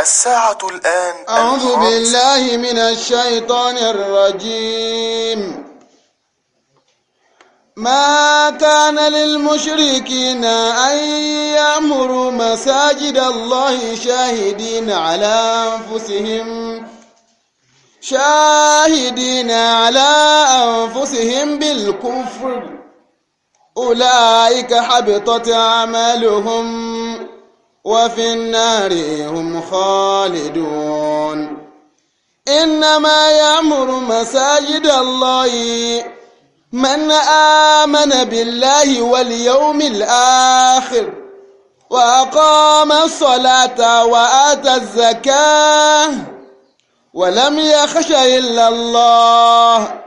الساعة الآن أعوذ بالله من الشيطان الرجيم ما كان للمشركين أن يأمروا مساجد الله شاهدين على أنفسهم شاهدين على أنفسهم بالكفر أولئك حبطت أعمالهم وفي النار هم خالدون إنما يعمر مساجد الله من آمن بالله واليوم الآخر وأقام الصلاة وآتى الزكاة ولم يخش إلا الله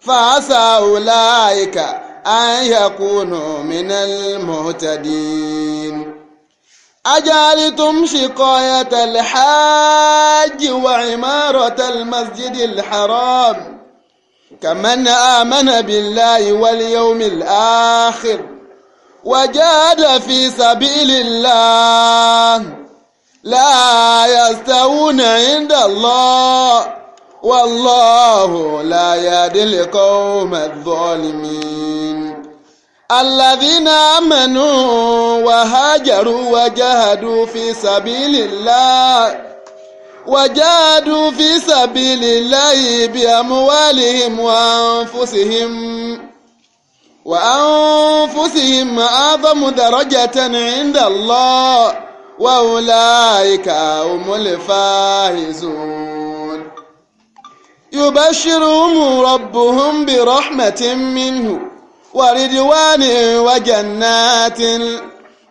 فعسى أولئك أن يكونوا من المهتدين أجعلتم شقاية الحاج وعمارة المسجد الحرام كمن آمن بالله واليوم الآخر وجاد في سبيل الله لا يستوون عند الله والله لا يهدي القوم الظالمين الذين آمنوا وهاجروا وجاهدوا في سبيل الله وجاهدوا في سبيل الله بأموالهم وأنفسهم وأنفسهم أعظم درجة عند الله وأولئك هم الفائزون يبشرهم ربهم برحمة منه ورضوان وجنات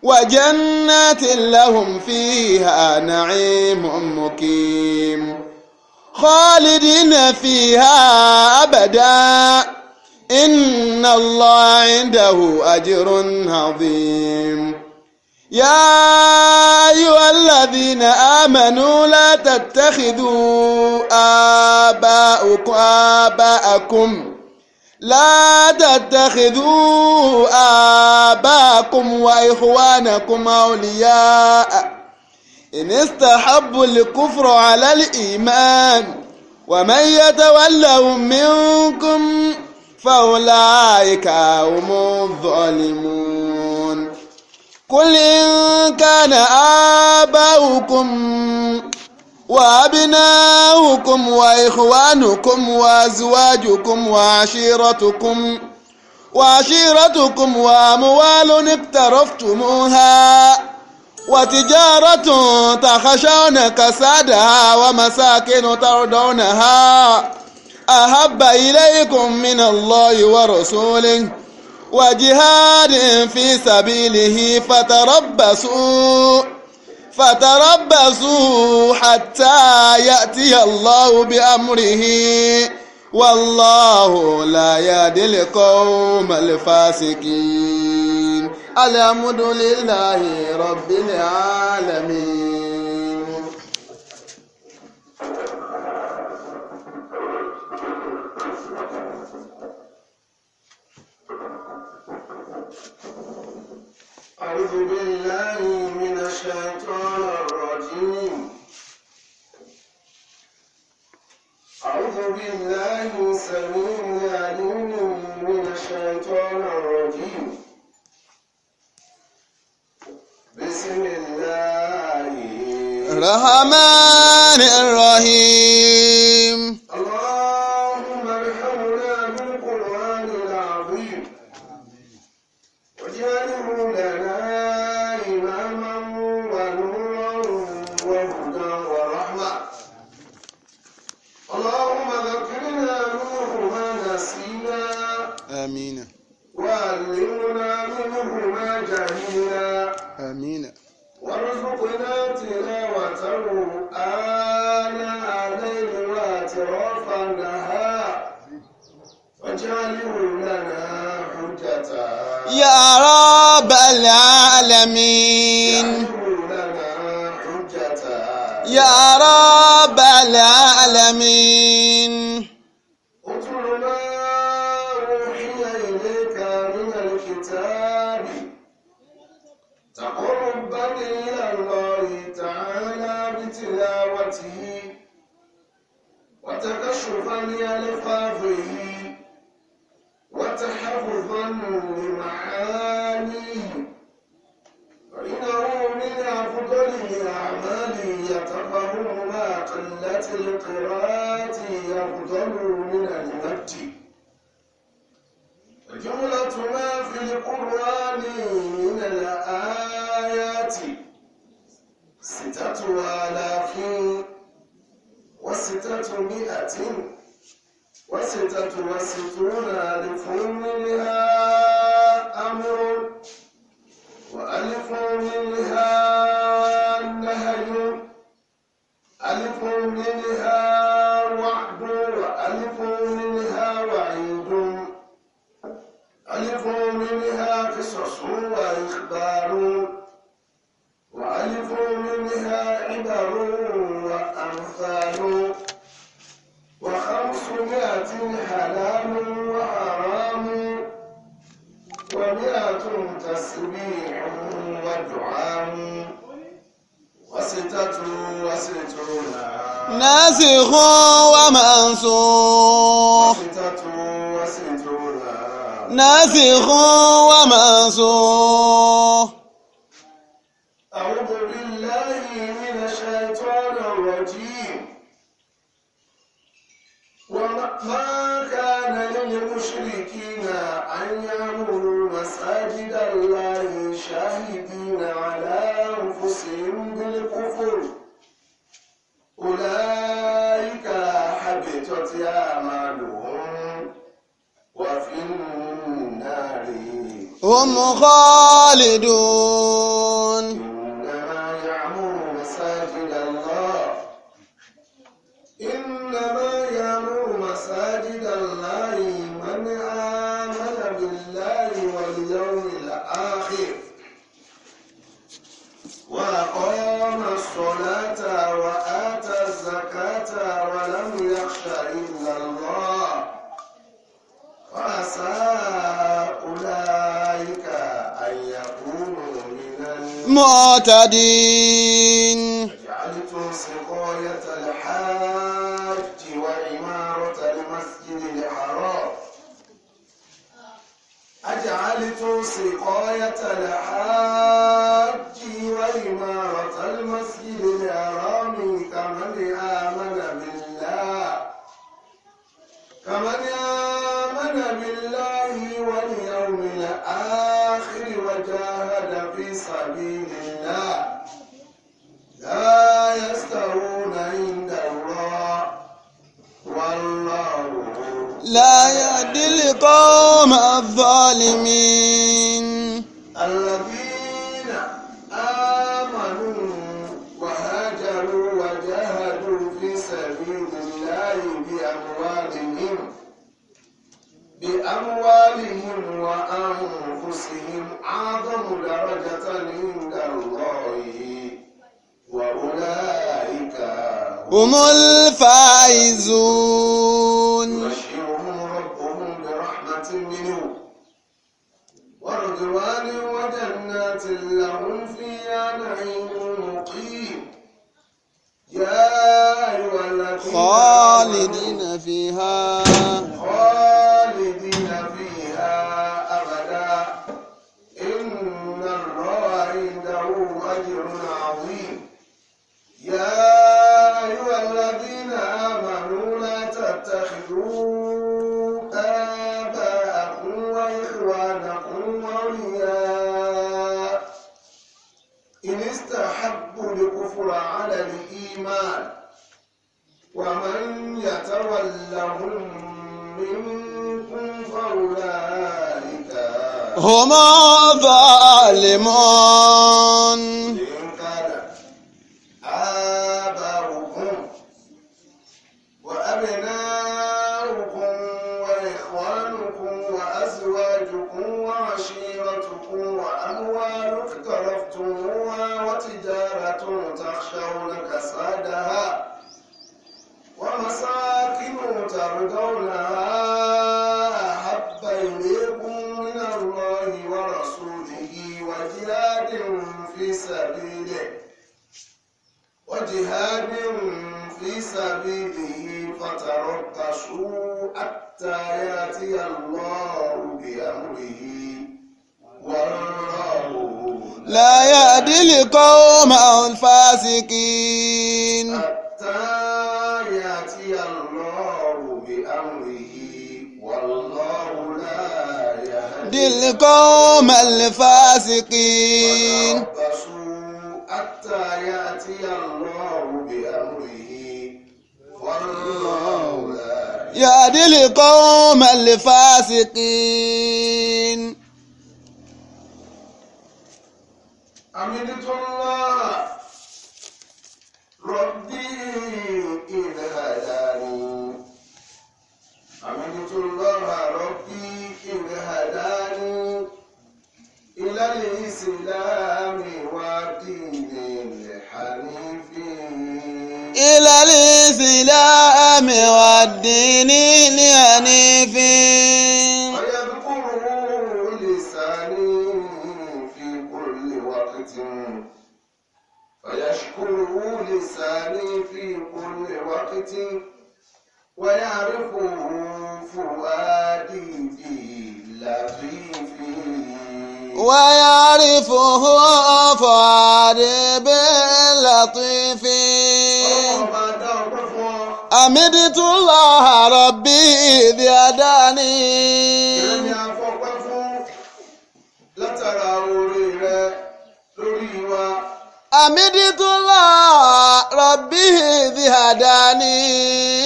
وجنات لهم فيها نعيم مقيم خالدين فيها أبدا إن الله عنده أجر عظيم يا أيها الذين آمنوا لا تتخذوا آباءكم آباءكم لا تتخذوا آباكم وإخوانكم أولياء إن استحبوا الكفر على الإيمان ومن يتولهم منكم فأولئك هم الظالمون قل إن كان آباؤكم وأبناؤكم وإخوانكم وأزواجكم وعشيرتكم وعشيرتكم وأموال اقترفتموها وتجارة تخشون كسادها ومساكن ترضونها أحب إليكم من الله ورسوله وجهاد في سبيله فتربصوا فتربصوا حتى يأتي الله بأمره والله لا يهدي القوم الفاسقين الحمد لله رب العالمين أعوذ بالله الشيطان الرجيم أعوذ بالله السميع العليم من الشيطان الرجيم بسم الله الرحمن الرحيم wonderful بغير عبادي مع الظالمين الذين آمنوا وهاجروا وجاهدوا في سبيل الله بأموالهم بأموالهم وأنفسهم أعظم درجة عند الله وأولئك هم الفائزون وأزواجكم وعشيرتكم وأموال اقترفتموها وتجارة تخشون كسادها ومساكن ترضونها أحب إليكم من الله ورسوله وجهاد في سبيله وجهاد في سبيله فتربصوا حتى ياتي الله بأمره والله لا يهدي القوم الفاسقين حتى ياتي الله بأمره والله لا يهدي القوم الفاسقين حتى ياتي الله بأمره يا يهدي القوم الفاسقين أمدت الله ربي إذ هداني أمدت الله ربي إذ هداني إلى الإسلام ودين الحنيفين إلى الإسلام والدين الحنيف ويذكره لساني في كل وقت فيشكره لساني في كل وقت ويعرفه فؤادي في لطيفه ويعرفه فعاد باللطيف حمدت الله ربي إذ هداني حمدت الله ربي إذ هداني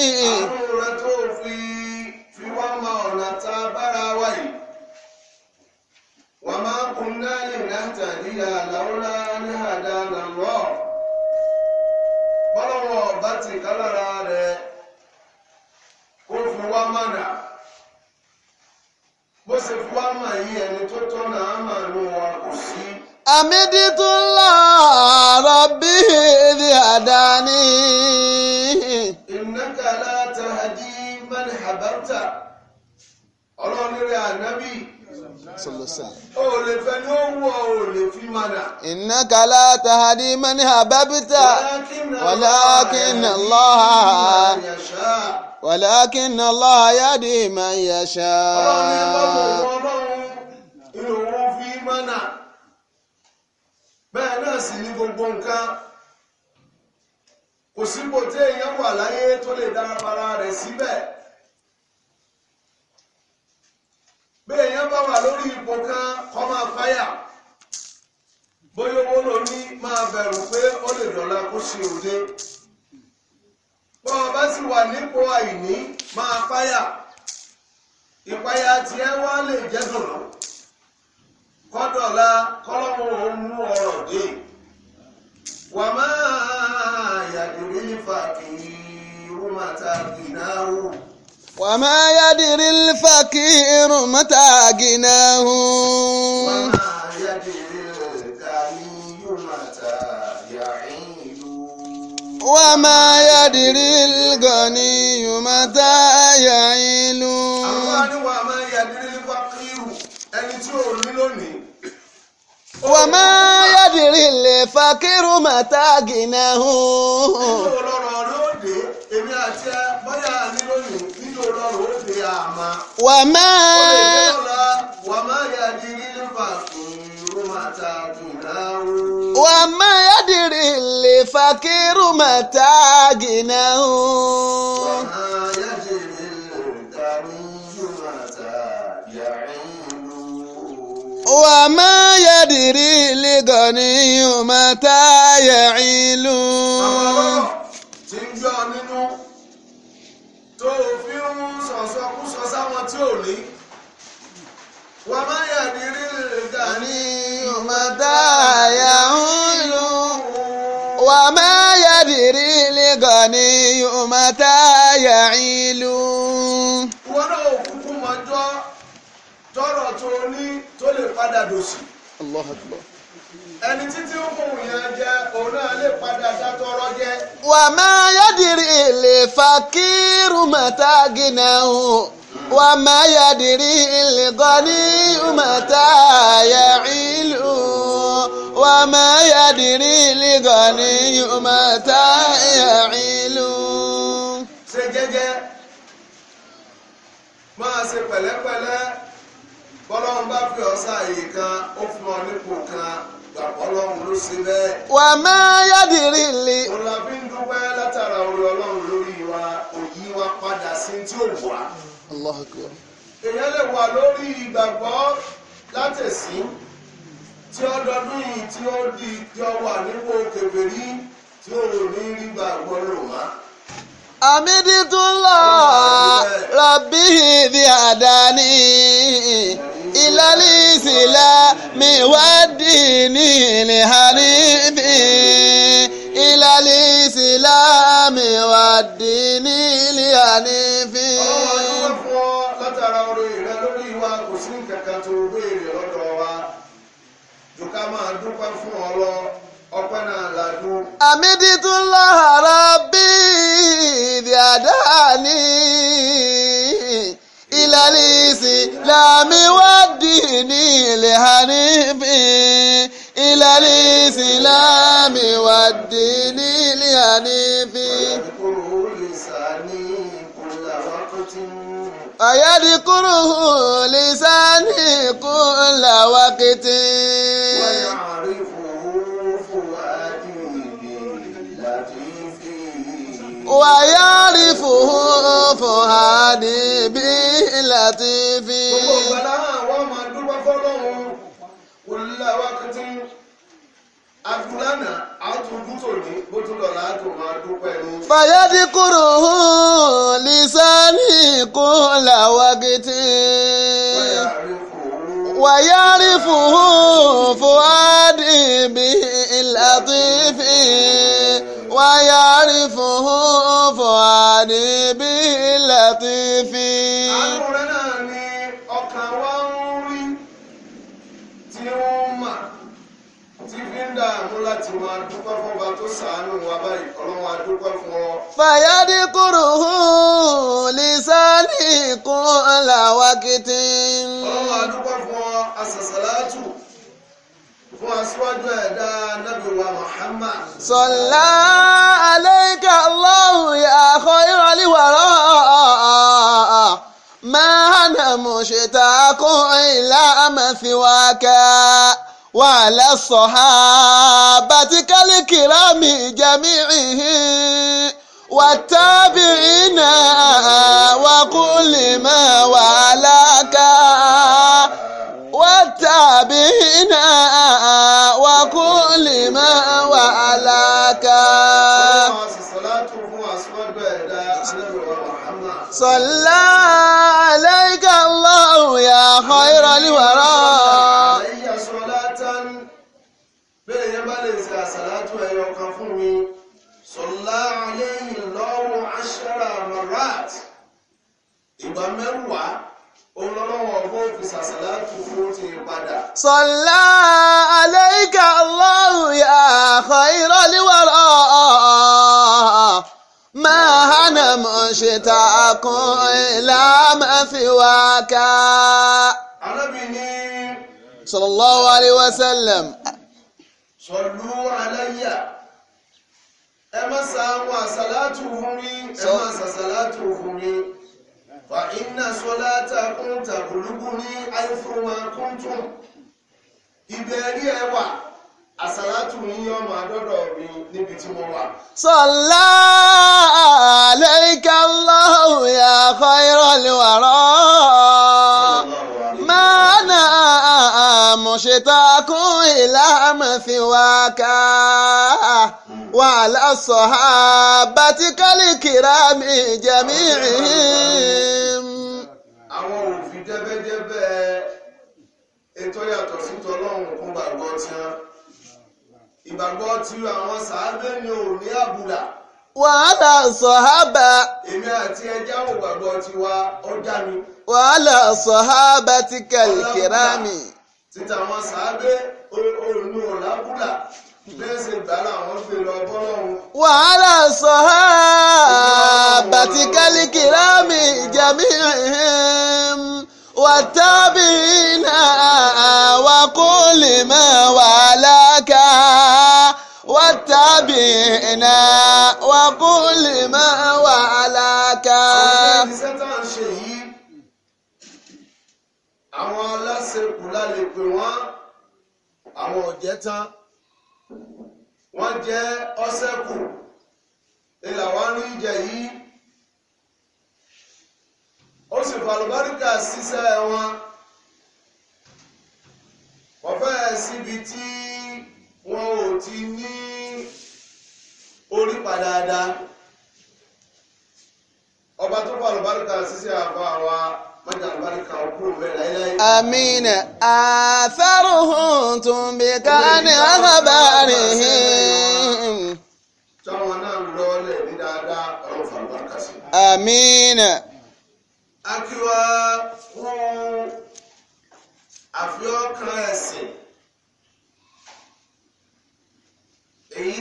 bó ṣe fi wá mà yí ẹni tó tọ́nà á mà ló wọn kò sí. àmídí tó ń lọ ọ̀rọ̀ bí ilé àdáni. innaka la tahdi man hababta ọlọ́run rẹ̀ ànábì o lè fẹ́ ní owó o lè fi mọ̀nà. innaka la tahdi man hababta walakin Allah. walakin Allah yahdi man yasha. ọlọ́run ní lọ́mọ wọn lọ́run inú wọn fi mọ́nà bẹ́ẹ̀ náà sì ní gbogbo nǹkan kò sípò tí èèyàn wà láyé tó lè darapara rẹ̀ síbẹ̀ bí èèyàn bá wà lórí ipò kan kọ máa fáyà bóyá owó ní máa pé ó bọ́ ọ bá sì wà nípò àìní máa páyà ìpáyà tiẹ̀ wá lè jẹ́ dùnú kọ́dọ̀la kọ́lọ́hún òun mú ọ̀rọ̀ dé wà máa yàdìrí nífà kìí rúmàtà kìnáwó. wà máa yàdìrí nífà kìí rúmàtà kìnáwó. wà máa yàdìrí nífà وما يدري الغني متى يعيل. àwọn ni wàá máa yàdìrí fakiru ẹni tí ò ní lónìí. wàá fakiru mata gìnà hù. nínú ọlọ́rọ̀ lóde èmi àti ẹ bóyá ní lónìí nínú ọlọ́rọ̀ lóde àmà. wàá fakiru mata gìnà wà á má yádìrì lè fakiru màtá gìnà o. wà á má yádìrì lè gọ̀nì màtá yẹ̀ ìlú. àwọn ọlọ́rọ̀ tí ń gbọ́ nínú tó fi ń sọ̀sọ́kúsọ sáwọn tí ò ní. wà á má yàdí rí lè dà ní ọmọdé àyà adìrí lẹ́gọ̀ ni ọmọọta yà ilu. wọn náà kúkú mọjọ tọrọ tó ní tó lè padà dòsì. ẹni títí ó fún yẹn jẹ òun náà lè padà dátọrọ jẹ. wàá yá dìrì lè fa kírun màtá gínà hùn wà má yà dìrí ìlẹ̀kọ́ ní umata yà ìlú wà má yà dìrí ìlẹ̀kọ́ ní umata yà ìlú. ṣe jẹ́jẹ́ máa ṣe pẹ̀lẹ́pẹ̀lẹ́ bọ́lọ́run bá fi ọ̀sán àyè kan ó fún ọ nípò kan ọlọ́run ló ṣe bẹ́ẹ̀. wà á máa yádìrí lè. òun la ń dúpẹ́ látara orí ọlọ́run lórí wa òyí padà sí tí ó wà èèyàn lè wà lórí ìgbàgbọ́ látẹ̀sí tí ó yìí tí ó di tí ó wà nípò kèfèrí tí ó lò ní rígbà gbọ́dọ̀ wá. Amiditula Rabbi di Adani ilalisila miwadi ni ilihanifi. إلى الإسلام والدين الحنيف. ọlọ́run yóò fún ọ látara orin rẹ lórí wa kò sí kankan tó béèrè lọ́dọ̀ wa jù máa dúpẹ́ fún ọ lọ ọpẹ́ náà là dún. Hamidullah Rabbi ìdí àdá ni ìlàlísì làmì wá dì ní ilẹ̀ hànífì. إلى الإسلام والدين الحنيف يذكره لساني كل وقت ويذكره لساني كل وقت ويعرفه فؤادي بلطيفه ويعرفه فؤادي بلطيفه gbogbo ìgbàlá àwọn ọmọ dúpẹ́ fọlọ́run kò lọ́wọ́ kìtì agulana àtúndú tòní bó tún lọ́la àtò máa dúpẹ́ nu. fàyẹ́dì kúrò hàn lisani kún làwàgìtì. wàyárí fòhùn fòhádì bí ìlàtìfì. wàyárí fòhùn fòhádì bí ìlàtìfì. àlùkò rẹ̀ náà. dààmú láti máa dúpẹ́ fún ọba tó sàánú wa báyìí ọlọ́run á dúpẹ́ fún ọ. fàyàdì kúrò hùn lìsàlì kún làwákìtì. ọlọ́run á fún ọ asàsàlátù fún aṣíwájú ẹ̀dá nàbìwá Muhammad. sọlá aleika allahu ya khayra aliwara máa hànà kún ilá àmàfiwákà wàhálà sọ̀hà bàtí kálíkìrá mi jẹ́mi ìhìn wàtábìrínà wàkúlìmọ̀ wàhálàkà wàtábìrínà wàkúlìmọ̀ wàhálàkà. sọlá. ìgbà mẹ́wàá òun lọ́lọ́wọ́ ọgbọ́n òfin sàṣàlá fún ti padà. sọlá aleika Allahu ya khairul wara máa hànà mọ̀ ṣètà kan ìlànà fi wá ká. alábì ní. sallallahu alaihi wasallam. sọlú aláyà ẹ má sa àwọn fún mi ẹ má sa fún mi. فإن صلاتكم تبلغني حيثما كنتم ìbẹ̀rí ẹ wà àsàlátù yín ọmọ àdọ́dọ̀ mi níbi tí mo wà. sọlá àlẹ́ríkà lọ́hùn yà kọ́ irọ́ ni wàrọ́ mánà àmọ̀ṣetọ́kùn ìlànà fi wá ká. وعلى الصحابة كالكرام جميعهم. àwọn ètò yàtọ̀ wàhálà sọ̀hábà. èmi àti ẹja ò gbàgbọ́ tiwa ọjà mi. wàhálà sọ̀hábà ti kàlìkìrámì. títa àwọn sàábẹ́ olùmọ̀ọ́lábùlà. bẹ́sẹ̀ bára àwọn fi lọ bọ́lọ́hún. wàhálà sọ ha bàtí kálíkì rámì ìjàmí wà tábì náà wà kó lè mọ wàhálà ká wà tábì náà wà kó lè mọ wàhálà ká. àwọn aláṣẹ kù lálẹ́ pé wọ́n àwọn ọ̀jẹ̀ tán wọ́n jẹ́ ọ́sẹ́kù ilà wọn rí ìjẹ yìí ó sì fàlùbáríkà ṣiṣẹ́ wọn wọ́n fẹ́ síbi tí wọn ò ti ní orí padà dáa ọba tó fàlùbáríkà ṣiṣẹ́ àbá wa. أمين àlùbáríkà ọkú rẹ̀ láíláí. àmín àfẹ́rùhùn tún bí ká ní àkàbárì hìn. táwọn náà èyí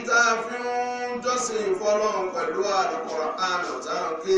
tá a fi ń jọ́sìn fọlọ́run pẹ̀lú àlùkò àánú táwọn ké.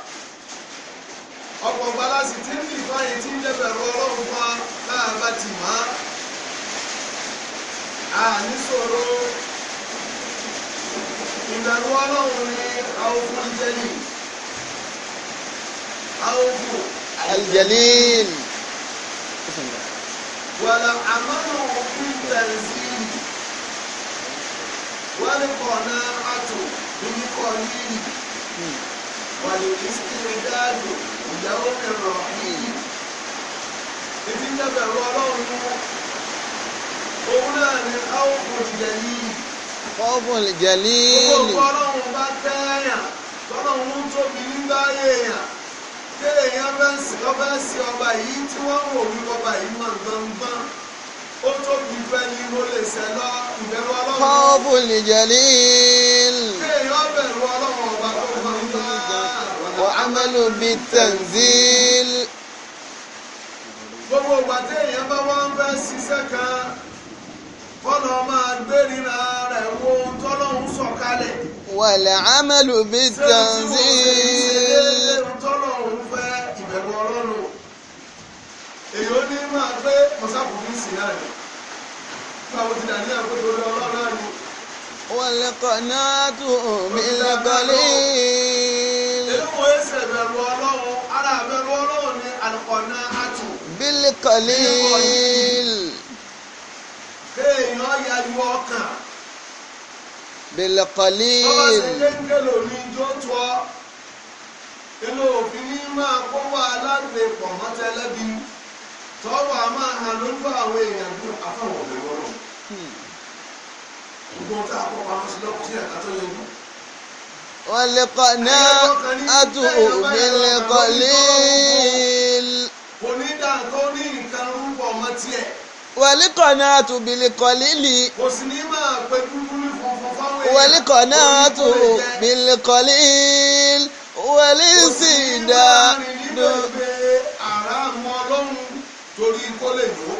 ọ̀pọ̀ gbalasi tí ń fìfà yìí tí ń jẹ́bẹ̀rù ọlọ́run fún wa náà bá ti mọ́ a níṣòro ìbẹ̀rù ọlọ́run ni àwòkù ìjẹlì àwòkù ìjẹlì wàlà àmọ́nà òkú ìtẹ̀sí wọ́n kọ̀ náà àtò nínú kọ́ nílì wàlè ìsìnkú dáàbò ìyàwó ẹ̀rọ yìí etí ń dábẹ̀ ẹ̀rọ ọlọ́run mú òun náà ni áwòkù ìjẹ̀ yìí. ọ̀fun ìjẹ̀ líìlì. gbogbo ọlọ́run bá tẹ́yàn tọ́lọ́run ń tóbi nígbà yẹ̀yàn téèyàn bá ń sìn lọ́bẹ̀ sí ọba yìí tí wọ́n wò wí ọba yìí mọ̀ gbọ̀ngbọ̀n ó tóbi ju ẹni mo lè sẹ́ lọ ìbẹ̀rù ọlọ́run. ọ̀fun ìjẹ̀ líìlì. àmàlù bíi tanzil. gbogbo ìgbà èèyàn bá wá fẹ́ ṣiṣẹ́ kan kọ́nà máa gbérira rẹ̀ wo tọ́lọ́hún sọ̀kalẹ̀. wàlẹ̀ àmàlù bíi tanzil. tọ́lọ́hún fẹ́ ìbẹ̀rù ọlọ́run èyí ó ní máa gbé mọ̀sáfùfù sí náà ni báwo ti dà ní àgbègbè ọlọ́run náà ni. wọ́n lè kọ́ bẹ̀rù ọlọ́run ni inú òfin ní máa kó wá aláǹdè pọ̀ mọ́tẹ́lẹ́bí tọ́wọ́ a máa hàn lójú àwọn èèyàn bí afọwọ́ bẹ̀rù ọlọ́run. Hmm. gbogbo tá wal-qana'atu bil-qalil. kò ní dàgbọ́ ní nǹkan rúbọ̀ ọmọ tiẹ̀. wal kò sì ní máa pẹ́ dúdú ní funfun fáwọn èèyàn. wal-qana'atu bil-qalil. wal-sida torí kó lè ìdáwọ́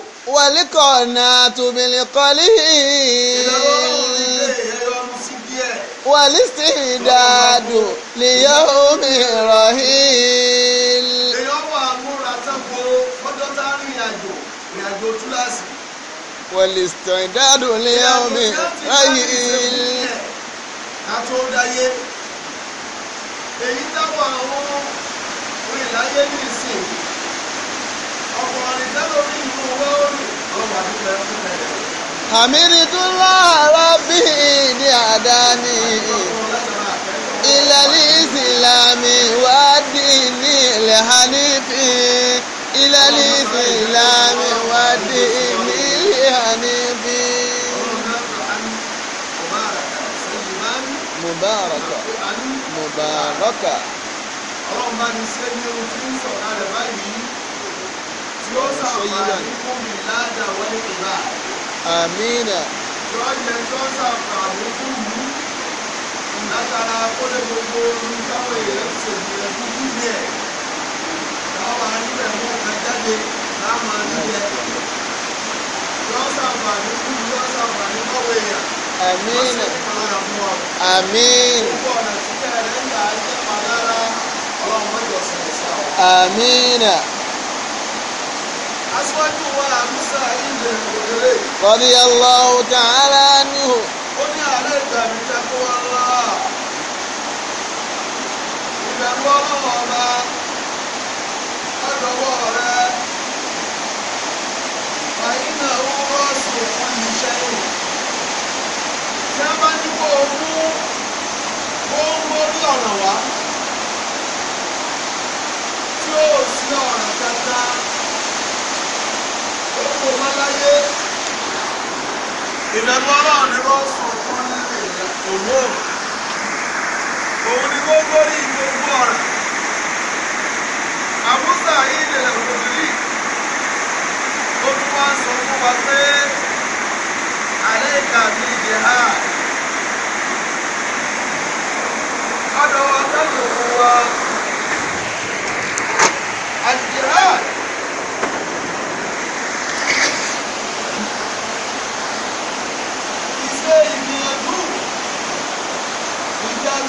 ọ̀hún ilé ẹ̀yọ́ ló sì díẹ̀ wàlísìdádù lìyá omi rahil. èèyàn wà múra tán bo ọjọ́ tá a rìn àjò rìn àjò túláàsì. wàlísìdádù lìyá omi rahil. àtúndáyé èyí táwọn àwọn orin láyé ní ìsìn ọkùnrin tẹ́lómi ìlú owó orin ọlọ́run àdúgbò ẹ̀kú mẹ́rin àmìrìtúlá rábì ní àdáni ilẹ̀lí ìsìlámi wádìí ní ilẹ̀ hanifi ilẹ̀lí ìsìlámi wádìí ní ilẹ̀ hanifi. mubaraka mubaraka. ọlọ́run bá ní sẹ́ni ohun tí ń sọ̀rọ̀ rẹ̀ báyìí tí ó sàmà ní kùmí ládàá wọlé ìgbà àmínà. lọ́jọ́ tó ṣàfàmù aṣíwájú wa musa ilẹ̀ òkèrè. kọ́dí Allahu ta'ala anhu. ó ní àárẹ̀ ìdààmú ìtẹ́kọ̀ wa ńlá ìbẹ̀rù ọlọ́wọ́ ọba ọ̀dọ́wọ́ rẹ àyínà owó ọ̀sùn fún iṣẹ́ yìí. tí bá ní kó o mú ohun orí ọ̀ràn wá tí ó sì ọ̀ràn kankan ó kó wọn láyé ìbẹ̀rù ọlọ́run ni wọ́n sọ fún nílé ìyàtọ̀ òun ni wọ́n gbórí gbogbo ọ̀rọ̀ àbúsà ilẹ̀ òkùnrin ó tún wá sọ fún wa pé àlẹ́ ìka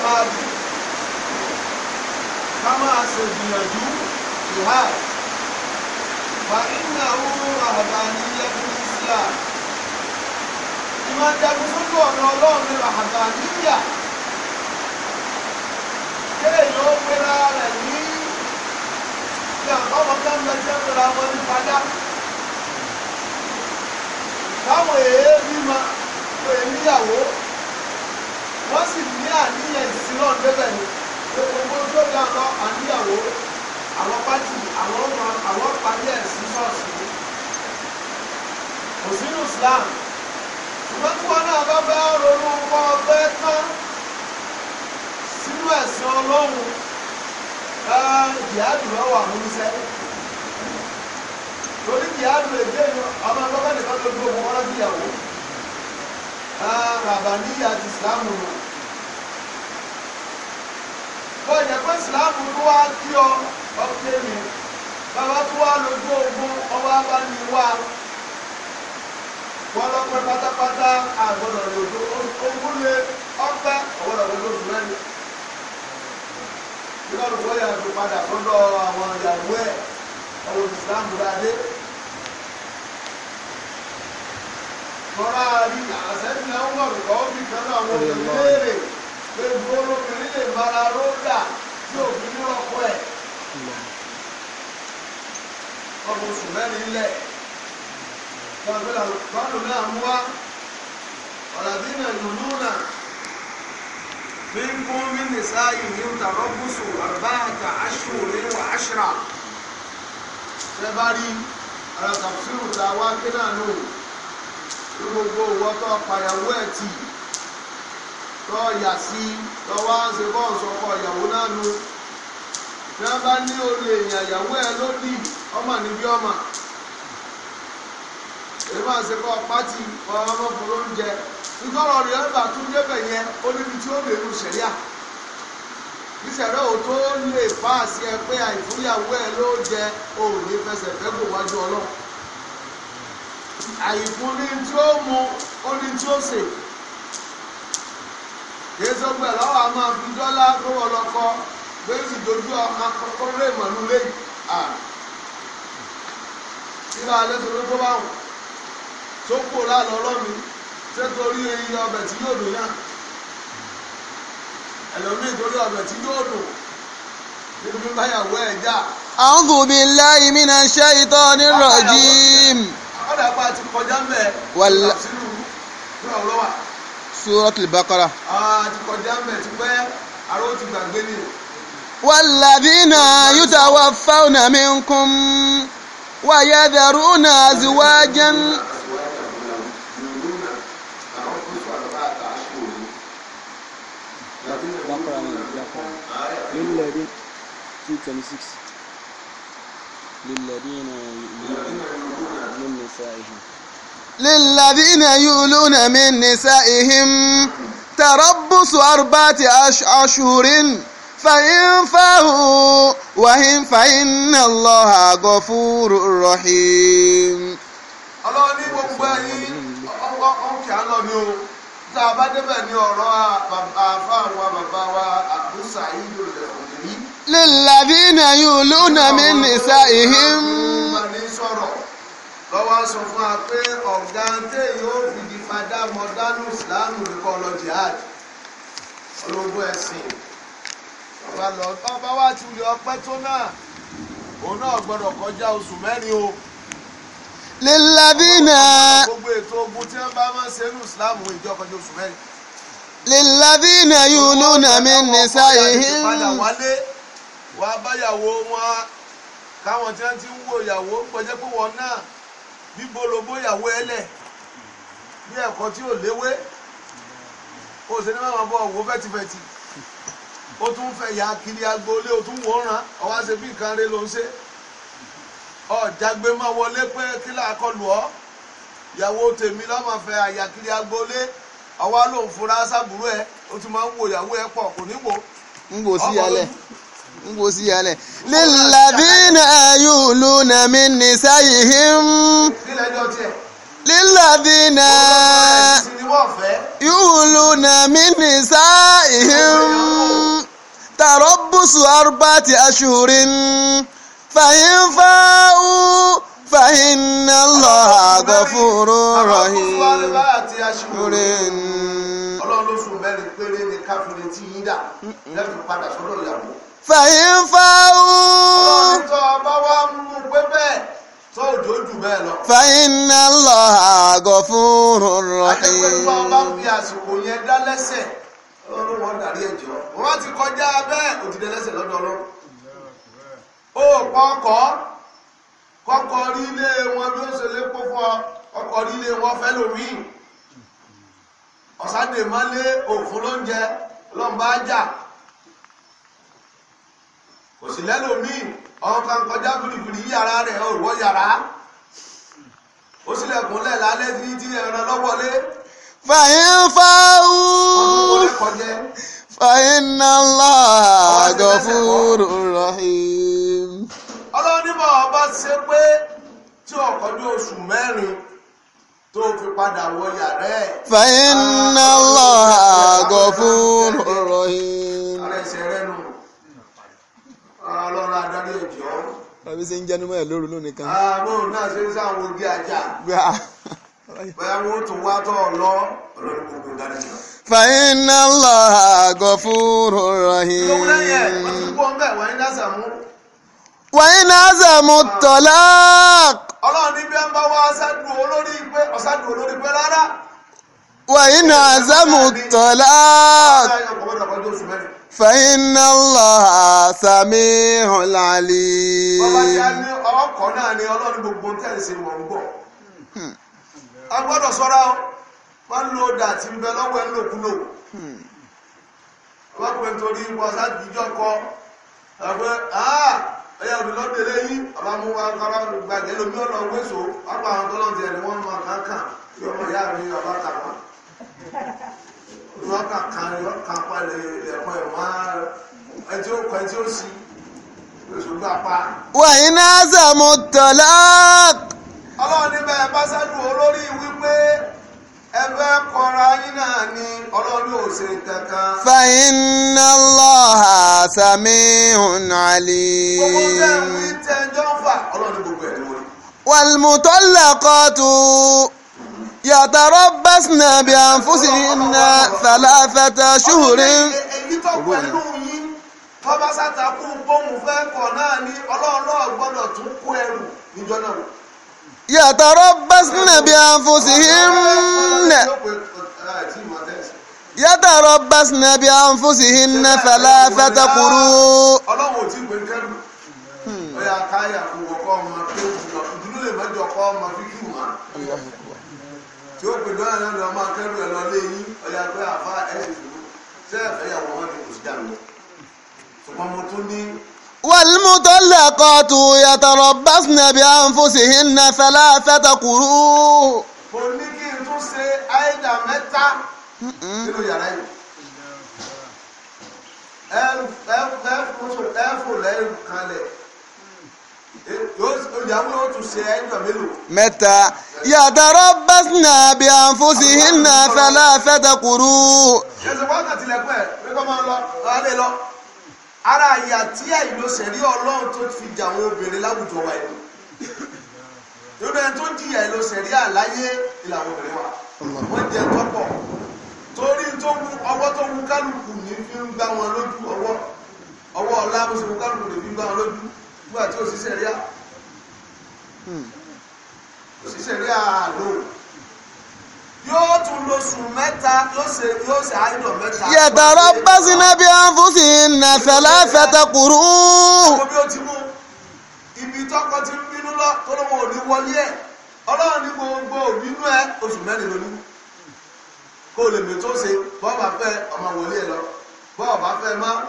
jihadu ká máa ṣe ìgbìyànjú jihad fa iná ohun àbàní yẹtùn islam ìmọ̀ jagun sójú ọ̀nà ọlọ́run ní àbàní yà kéèyàn ó pera rẹ̀ ní ìyá ọmọ kan lọ jẹ́ pera wọn ní padà táwọn èèyàn bímọ pé níyàwó wọ́n sì ní àníyàn ìsinlọ́ọ̀ débẹ̀ ni pé gbogbo tó dá lọ àníyàwó àwọn pátì àwọn ọmọ àwọn parí ẹ̀ sí ṣọ́ọ̀ṣì ni kò sínú Islam ṣùgbọ́n tí wọ́n náà bá fẹ́ ronú wọn ọgbẹ́ tán sínú ẹ̀sìn Ọlọ́run jihadu lọ́wọ́ àwọn oníṣẹ́ torí jihadu lè dé ọmọ ọlọ́gbẹ́ nìkan tó dúró wọn lọ́dún ìyàwó. ràbàníyà ti ìsìláàmù rò bọ́ọ̀ yẹ pé ìsìláàmù tó wá kí ọ ọ̀pẹ mi bàbá tó wá lójú ogun ọwọ́ abániwá wọ́n lọ́pẹ́ pátápátá àgbọ̀dọ̀ lòdò ogun lé ọ̀pẹ́ ọ̀gbọ̀dọ̀ lòdò oṣù mẹ́rin ìlọ́rùkọ́ yà tó padà sọ́dọ̀ àwọn silamu tọ́ra rí àṣẹ́yìn àwọn ọ̀rùkọ́ bí kan náà àwọn olùléèrè pé gbóló kiri lè mara ródà tí òfin ní ọkọ ẹ̀. ọmọ oṣù mẹ́rin lẹ̀ tọ́gbẹ́lá báwo náà mú wá ọ̀làdí náà lùlú náà bí ń kún mí nìsá yìí ń tàbọ̀ gúúsù àrùbáàtà aṣọ òlérò àṣírà. ṣé bá rí ara tàbí sírù tá a wá gbé náà lóhùn. gbogbo òwò tó pàyàwó ẹ̀ tì tó yà sí tó wá ń ṣe bọ́ọ̀ sọ́kọ̀ ìyàwó náà nu bí wọ́n bá ní olè ìyàwó ẹ̀ lódì ọmọ níbí ọmọ èyí máa ṣe kọ́ pátì ọmọ fún lóúnjẹ nítorí ọ̀rẹ́ ọ̀gbà tó débẹ̀ yẹn ó níbi tí ó lè lu sẹ̀ríà ìṣẹ̀rẹ́ tó ní àyìnfún ní tí ó mu ó ní tí ó sè yéésù gbẹ lọ́wọ́ a máa fi dọ́là lọ́wọ́ lọ́kọ́ bẹ́ẹ̀ sì dojú akọ́kọ́ rẹ̀ mọ̀lú lẹ́yìn à síra alẹ́ tó ló tó bá wù tó kò lálọ́ ọlọ́mi ṣé torí eyín ọbẹ̀ tí yóò dùn náà ẹlòmíì torí ọbẹ̀ tí yóò dùn nínú báyàwó ẹ̀ já. A'udhu billahi minash shaitanir rajim ọ̀dà apá ti kọjá ń bẹ̀ wàlá sínú ìlú ọ̀rọ̀ àti kọjá ń bẹ̀ ti pẹ́ àrò ti gbàgbé ni. wàlàdínà yutawaffawna minkum wàyàdàrúnà azwajan. للذين للذين يولون من نسائهم تربص أربعة أشهر فإن فاهوا وهم فإن الله غفور رحيم للذين يولون من نسائهم lọ́wọ́ sọ fún wa pé ọ̀gá tẹ yóò fi di padà mọ̀dánù ìsìláàmù nìkan lọ jihad ológun ẹ̀sìn ọba lọ ọba wa ti wuli ọpẹ tó náà òun náà gbọ́dọ̀ kọjá oṣù mẹ́rin o. lílàbínà. gbogbo ètò ogun tí wọ́n bá máa ṣe nínú ìsìláàmù ìjọ kọjá oṣù mẹ́rin. lílàbínà yóò lù nàmí nìṣá yìí. padà wálé wàá báyàwó wọn káwọn tí wọ́n ti ń wo ìyàwó gbọ́jẹ́ pé wọn náà bibolobo ló ele ẹ lẹ̀ ní ẹ̀kọ́ tí ò léwé o ṣe ní bàbá bọ̀ wò fẹ́tifẹ́ti o tún fẹ́ ya kiri agboolé o tún wòran o àṣẹ bí nǹkan rẹ ló ń ṣe ọ̀jàgbé máa wọlé pé kí làákọlù ọ́ ìyàwó tèmi lọ́mọ fẹ́ àyà kiri fura sábúrú o tún máa ń wo ìyàwó ẹ pọ̀ kò ní wò. ń sí ń wo sí yàrá lílàdínà yuluna min nisa'ihim. sílẹ̀jọ́ tiẹ̀. lílàdínà yuluna min nisa'ihim. tarabbusu arba'ati ashhurin fàyín fáwù fàyín náà gọ̀fúrú rọ̀hìn. ọlọ́run ló sùn mẹ́rin péré ni káfíńtì yín dà lẹ́nu padà sọ́dọ̀ ìyàwó fẹ̀yìn fẹ́ o. ọlọ́run bá wá mú un tó òjò bẹ́ẹ̀ lọ. fẹ̀yìn lọ àgọ́ fún rọrùn. àjẹpẹ́ tó a bá fi àsìkò yẹn dá lẹ́sẹ̀ ọlọ́run wọn dàrí ẹ̀jọ́ wọn ti kọjá bẹ́ẹ̀ òdìdẹ lẹ́sẹ̀ lọ́dọ̀ ọlọ́run. ó kọ́kọ́ kọ́kọ́ rí ilé wọn bí ó ṣe lé kó fún rí ilé wọn fẹ́ lómi ọ̀sán kò sí lẹ́lòmíì ọ̀hún kan kọjá fìrìfìrì yàrá rẹ̀ òwò yàrá ó sílẹ̀kùn lẹ̀ lálẹ́ tí tí ẹran lọ́wọ́lé. fàyín fáwù fàyín nàlá àgọ̀fúrú rahim. ọba ṣe pé tí ọ̀kọ́jú oṣù mẹ́rin tó fi padà wọ yàrá ẹ̀. fàyín nàlá àgọ̀fúrú rahim. ọlọ́run adarí ẹ̀jọ́. àbí ṣe ń jẹ́ nímọ̀ ẹ̀ lóru lónìí kan. àwọn ah, òun náà ṣe ń sáwọn orí ajá. bóyá wọn tún wá tọ̀ lọ ọlọ́run gbogbo dárí jù. fàyínà lọ àgọ́fúrò rọ̀hìn. lókun lẹ́yìn ẹ̀ wọ́n ti gbọ́ bẹ́ẹ̀ wọ́n ń dá sàmú wàyínà àzàmù tọ́lá. ọlọ́run ní bí wọ́n bá wá ọ̀sádùn olórí pé ọ̀sádùn olórí pé rárá. wàyínà àzàmù tọ́lá. ọ̀sán yóò kọ́ bọ́dọ̀ kọjú oṣù mẹ́rin. فإن الله سميع náà ń kọ wọn kà kan kan pa lẹ̀kọ́ ẹ̀ wọ́n á ẹtí ó kọ ẹtí ó sì ṣùgbọ́n apá. wàyí náà sàmù tọ́lá. ọlọ́run ní bẹ́ẹ̀ bá sádùn olórí wípé ẹ kọra yín náà ni ọlọ́run ò ṣe kankan. fa inna Allaha sami'un tẹ̀ ń tẹ̀ ń jọ́ fà ọlọ́run gbogbo ẹ̀ lórí. wal mutallaqatu yatarabbasna bi anfusihinna thalathata shuhurin. èyí tó pẹ̀lú yín bọ́bá sátàkù bóun fẹ́ kọ̀ náà ni ọlọ́ọ̀lọ́ gbọ́dọ̀ tún kú ẹrù níjọ́ náà. yatarabbasna bi anfusihinna. yatarabbasna bi anfusihinna thalathata quru. ọlọ́run ò tí ì pé kẹ́rù ọ̀yà hmm. káyà kò wọ́kọ́ ọmọ kéwù ìdúró lè mẹ́jọ kọ́ ọmọ fífi tí ó pè dọ́là náà máa kẹ́rù ẹ̀ lọ lé yín ọ̀yà pé àfa ẹlẹ́dìbò sẹ́ẹ̀fẹ̀ yà wọ́n ní kò sí dànù ṣùgbọ́n mo tún ní. والمطلقات يتربصن بأنفسهن ثلاثة قروء. mo ní kí n tún ṣe àìdá mẹ́ta nínú yàrá yìí ẹ fò lẹ́rù kalẹ̀ mẹ́ta yàtàrọ bẹ́sìnà bí i àǹfóṣì hinna fẹ́lá fẹ́ta kúrú. yẹsẹ̀ wọ́n kàn tilẹ̀kùn ẹ̀ pé kọ́ máa lọ lọ́lẹ́ lọ. ara àyà tí àìlò sẹ̀rí ọlọ́run tó fi jà àwọn obìnrin láwùjọ wa ẹ̀ nínú ẹni tó jìyà àìlò sẹ̀rí àláyé ìlànà obìnrin wa wọ́n jẹ tọ́pọ̀ torí ọwọ́ tó wú kálukú ní fi ń gbá wọn lójú ọwọ́ ọwọ́ ọlá nígbà tí òṣìṣẹ́ rí à hmm. òṣìṣẹ́ rí àlò yóò tún lóṣù mẹ́ta lóṣè yóò ṣe àìdọ̀ mẹ́ta. náà bí àǹfọ̀sì fẹ́tẹ̀ kúrú. ibi tọkọ ti ń bínú lọ tó lóun ò ní wọlé gbogbo òbínú ẹ oṣù mẹ́rin lónìí kó o lè ọmọ wọlé ẹ lọ bọ́ọ̀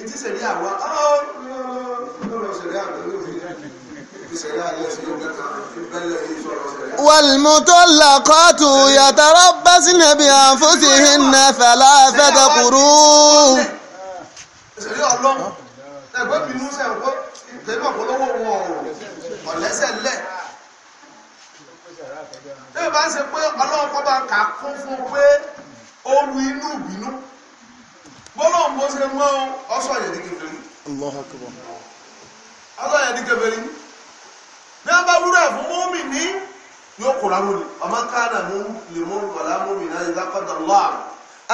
etí sẹ̀rí àwa والمطلقات يتربصن بأنفسهن ثلاثة قروء tẹ́lẹ̀ bá ń ṣe pé ọlọ́run kọ́ bá kà kún fún pé ó wu inú ìbínú bọ́lá ń bọ́ sí ẹ mọ́ ọsọ àyẹ̀dí kẹfẹ́rí. ọsọ àyẹ̀dí kẹfẹ́rí ní a bá wúrà fún mọ́mì ní yóò kóra mọ́ni ọmọ káàdà mú lè mú wàlá mọ́mì náà yẹ lápàdà lọ́à.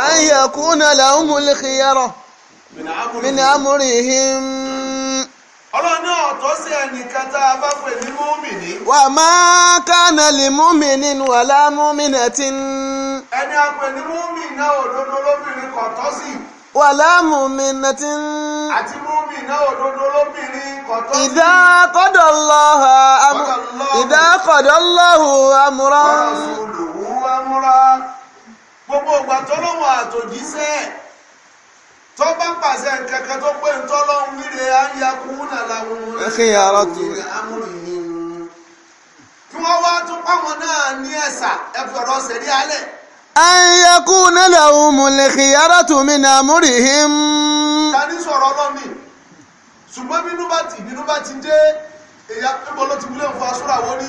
an yakuna lahumul khiyara min amrihim. ọlọ́ni ọ̀tọ́ sí ẹnìkan tá a bá pè ní mọ́mì ní. wà máa kánà wà láàmù mi ń. àti náà òdodo lóbìnrin kọ̀tọ́. ìdá lọ́hà amú. ìdá lọ́hù amúrá. gbogbo ìgbà tọ́lọ́wọ́ àtòjíṣẹ́ tó bá pàṣẹ kankan tó pé ntọ́lọ́hún líle ayakú nàlàwọ̀n. ẹ̀kẹ́ yàrá tó. kí wọ́n wá náà ní ẹ̀sà ẹ̀fọ̀rọ̀ sẹ̀rí alẹ́. an yakuna lahumul khiyaratu min amrihim. tani sọ̀rọ̀ ọlọ́mi ṣùgbọ́n bínú bá ti bínú bá èyà pípọ̀ ti wúlé fún asúra wọ́n ní.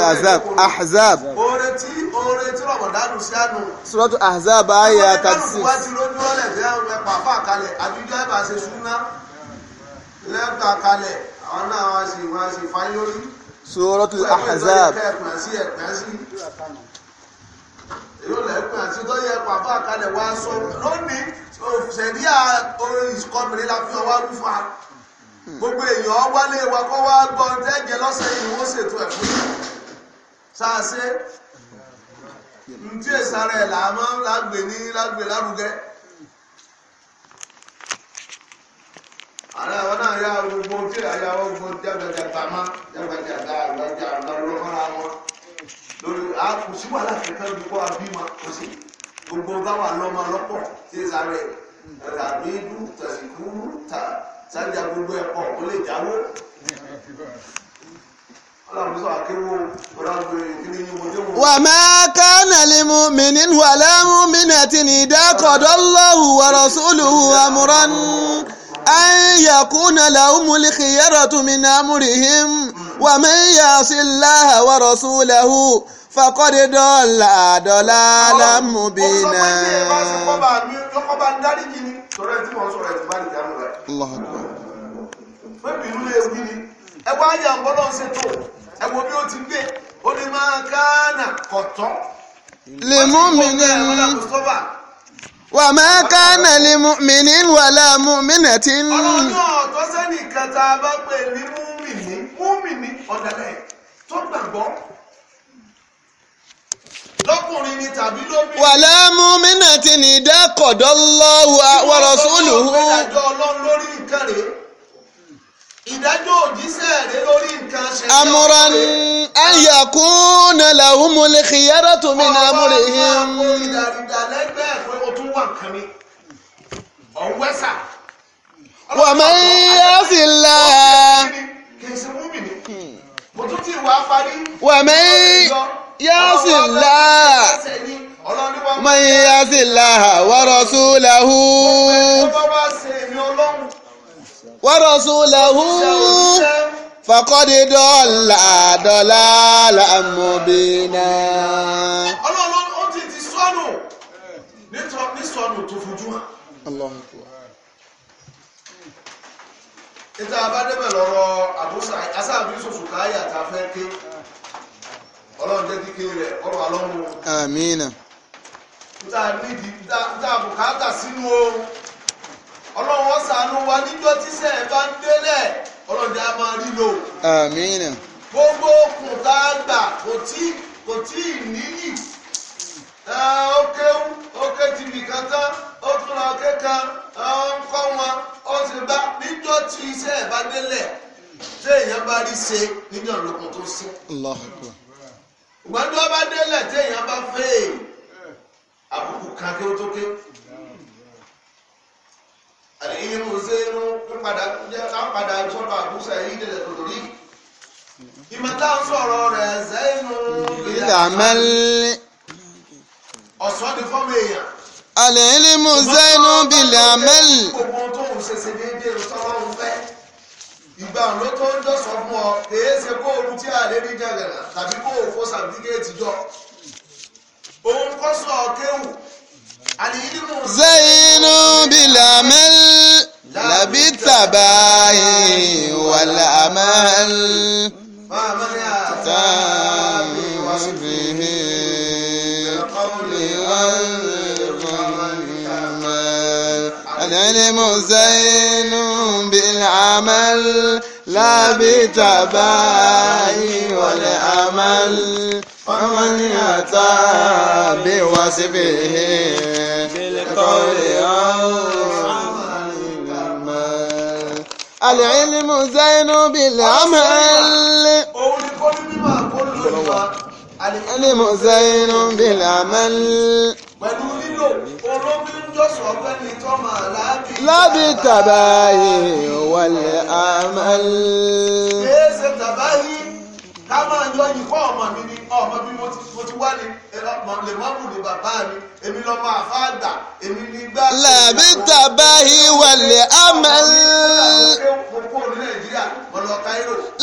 ahzab ahzab. oore rọ̀mọ̀dánù sí àná. suratul ahzab ayé àtàkùsí. wọ́n ti lójú ọ̀lẹ̀ bí àwọn ẹ̀pà fà kalẹ̀ àdújọ́ ẹ̀bà ṣe súná lẹ́ẹ̀ta kalẹ̀ àwọn náà wá sí wá sí fáyọ́lì. ahzab. ẹ̀pẹ̀ sí ẹ̀pẹ̀ sí yóò lẹ́kùn àti tó yẹ pàfà kalẹ̀ wá sọ lónìí ṣẹ̀díà orin ìkọmìnrin la fi ọwá rú fa gbogbo èèyàn wálé wa kó wá gbọ́ tẹ́jẹ lọ́sẹ̀ yìí wọ́n ṣètò ẹ̀ fún mi ṣáṣe ntí èsàrà ẹ̀ làmọ́ lágbè ní lágbè lárugẹ. ààrẹ àwọn náà yá gbogbo tí àyà wọn gbogbo jágbàjàgbà má jágbàjàgbà àgbàjà àgbàlọ́mọ́ra wọn lórí kò sí wàhálà kankan lórí kó abímọ kò sí gbogbo báwa lọ́mọ lọ́pọ̀ tí sáré ràbídú tàṣíkúrú tà sájà gbogbo ẹ̀kọ́ kó lè jáwó. وما كان لمؤمن ولا مؤمنة إذا قضى الله ورسوله أمرا ayakuna lahumul khiyaratu min amrihim wa man yasi Allaha wa rasulahu fakọ́dé dọ́là dọ́là lámúbínà. ẹ wá yà ń bọ́lọ́ ṣètò ẹ wo bí ó ti gbé ó ní máa gánà kọ̀tọ́. lè mú mi ní wà má kánà lè mùmìnì wàlà mùmìnà tí ń. ọlọ́run náà tó sẹ́ni kẹta bá pè ní mùmìnì mùmìnì ọ̀dàlẹ̀ tó gbàgbọ́ lọ́kùnrin ni tàbí lóbìnrin. wàlà mùmìnà tí ní dákọ̀dọ́ lọ́wọ́ wa rasuluhu. ọlọ́run lórí nǹkan rèé ìdájọ́ òjíṣẹ́ rẹ lórí nǹkan ṣe. amúran ayakun nàlà humule kìyàrá tómi ní amúre ọba àwọn ìdàrídàlẹ́gbẹ́ fún otún wà nǹkan wà á máa ń yá sí mo tún ti wà á parí. wà á máa ń yá sí la wa rasulahu faqad dalla dalalan mubina. ọlọ́run ó ti ti sọnù ní sọnù tó fojú hàn. níta abádẹ́bẹ̀ lọ́rọ̀ àbúṣà asáàbí sòsò káyà tá a fẹ́ ké ọlọ́run jẹ́ kíké rẹ̀ ọ̀rọ̀ alọ́run. àmín. níta nídìí níta bùkátà sínú o ọlọ́run ọ̀sánú wa níjọ́ tíṣẹ́ ẹ̀ bá ń délẹ̀ ọlọ́dẹ á máa rí lò. gbogbo okùn tá a gbà kò tí kò tí ì níyì ó kéwú ó ké tìbì kan tán ó tún lọ kékan ń kọ́ wọn ó sì bá níjọ́ tí iṣẹ́ ẹ̀ bá délẹ̀ tí èèyàn bá rí ṣe níjọ́ lókun tó ṣe. ìgbàdúrà bá délẹ̀ tí èèyàn bá fèè àbùkù kan kí ó tó ké àdéhìn mùsẹ́nu pípadà jẹ́ kápadà sọ́dọ̀ àbúṣe yìí dẹ̀dẹ̀ tòtòrí. ìmọ̀tá sọ̀rọ̀ rẹ̀ zẹ́nu bìlàmẹ́lì. ọ̀sán ti fọ́ọ̀mù èèyàn. àdéhìn mùsẹ́nu bìlàmẹ́lì. gbogbo tó ń ṣe ṣe déédéé ló sọ́wọ́ ń fẹ́. ìgbà ló tó ń dọ̀sọ̀ fún ọ èé ṣe kó olú tí àlè rí jàgàlà tàbí kó o fọ́ sàbíkẹ́ẹ̀tì jọ. الآباء والأمل فمن أتى العلم زين بالعمل لا بتباهي والأمل ومن أتى بوصفه بالقول àlẹ́ẹ̀lìmù zainu bìlẹ̀ àmàlẹ́. òun ni kó ní mímọ̀ kó lórí wa. àlẹ́ẹ̀lìmù zainu bìlẹ̀ àmàlẹ́. pẹ̀lú lílo olómi ń jọ̀sọ̀ ọ̀gbẹ́ni tó máa láàbì. láàbì tàbáyé wọlé àmàlẹ́. kí ẹ ṣe tàbáyé ká máa yọ ikọ́ ọmọ mi ni ọmọ bí mo ti wá ní lè má bàbá mi èmi lọ́mọ àfáàgbà èmi ní gbà. làbí tàbá ìwàlẹ̀ àmàlẹ́.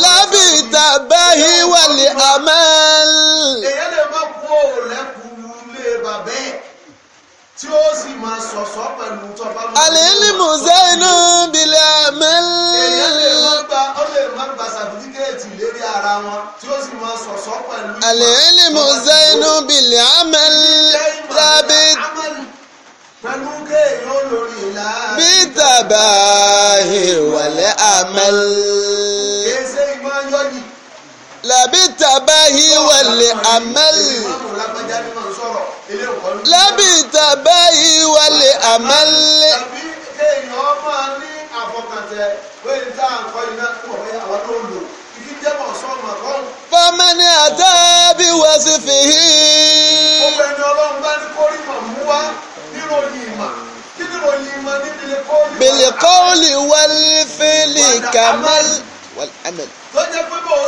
lábì tàbá ìwàlẹ̀ àmàlẹ́. èyàn lè má kú òòlẹ́ kúrú lé bàbá ẹ̀ tí ó sì máa sọ̀sọ́ pẹ̀lú tọ́ba. àlè ní mùsẹ̀ inú bìlẹ̀ àmàlẹ́ máa sàfitíkẹ́ẹ̀tì lérí ara wọn tí ó sì máa sọ̀sọ́ pẹ̀lú. àlè ilé mo zẹ́ inú bìlẹ̀ amẹ́lí tàbí. pẹ̀lú kéèyàn olórí ìlà. bí tàbá ìwàlẹ̀ amẹ́lí. kìí ṣe ìmọ̀ yọ̀dì. làbí tàbá ìwàlẹ̀ amẹ́lí. làbí tàbá ìwàlẹ̀ amẹ́lí. tàbí kéèyàn máa ní àfọkàntẹ lóyún tá à ń kọ́ iná tó wọ̀ bẹ́ẹ̀ àwọn náà lò ìdí jẹ́ mọ̀ sọ́ọ̀ mọ̀ kọ́. fọmẹ́ni àtẹ́bí wá sí fìhí. obìnrin ọlọ́run kàmẹ́lì. tó jẹ́ pé bó o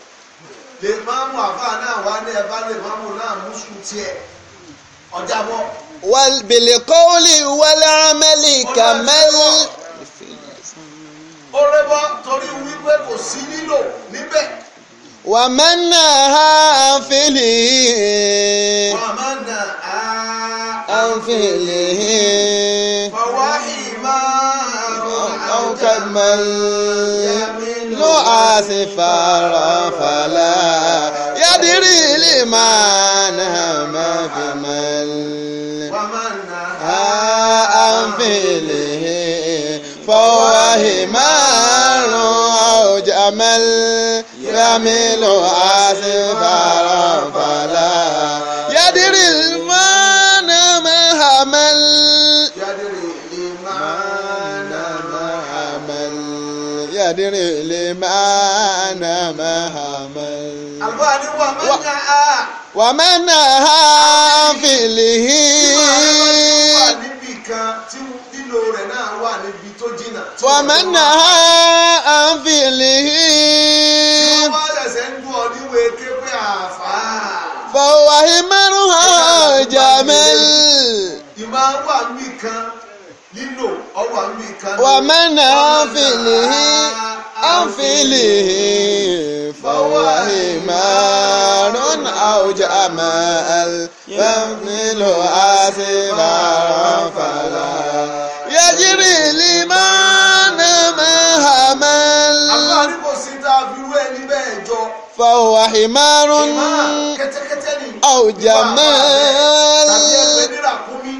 lè máa mú àfa náà wá ní ẹ bá lè máa mú náà mú sùn tiẹ̀ ọjà bọ́. wàlbìlì kọ́ọ̀lì wọlé amẹ́lì kàmẹ́lì. ó torí wípé kò sí nílò níbẹ̀. wàmánà àfìlì. wàmánà àfìlì. fọwọ́ ìmọ̀ àwọn kàmẹ́lì. nínú àṣìfàrọ̀ fàlà yadiri lè máa nà má fi máa lè. a à ń fi lè fọwọ́ ìmárùn ọjà mẹ́lẹ̀ yàmílò àṣìfàrọ̀ fàlà yadiri máa nà má hà mẹ́lẹ̀. kàdírì lè máa nà máa mà. àlùbọ́ àdínwó máa ń yà á. wà á máa nà á fìlì tí wàá níbi kan tí lílo rẹ̀ náà wà níbi tó jìnnà. wà á máa nà á tí wọ́n ṣẹ̀ṣẹ̀ ń gbọ́ níwèé kéwé àfáà. fọwọ́ ìmọ̀ràn jàmẹ́lì. ìmọ̀ àwọn àmì kan lílò ọwọ́ àwọn ìkan. wà á mẹ́nà ànfìlì ànfìlì fọwọ́ ìmọ̀ràn àwùjọ àmọ́ ẹ̀fẹ́nìlò àṣìlá fàlà. yẹjìrì lima ní mẹ́hàmẹ́. àbúrò àdìpọ̀ sí ta fi wé jọ. fọwọ́ ìmọ̀ràn àwùjọ àmọ́ ẹ̀fẹ́nìlò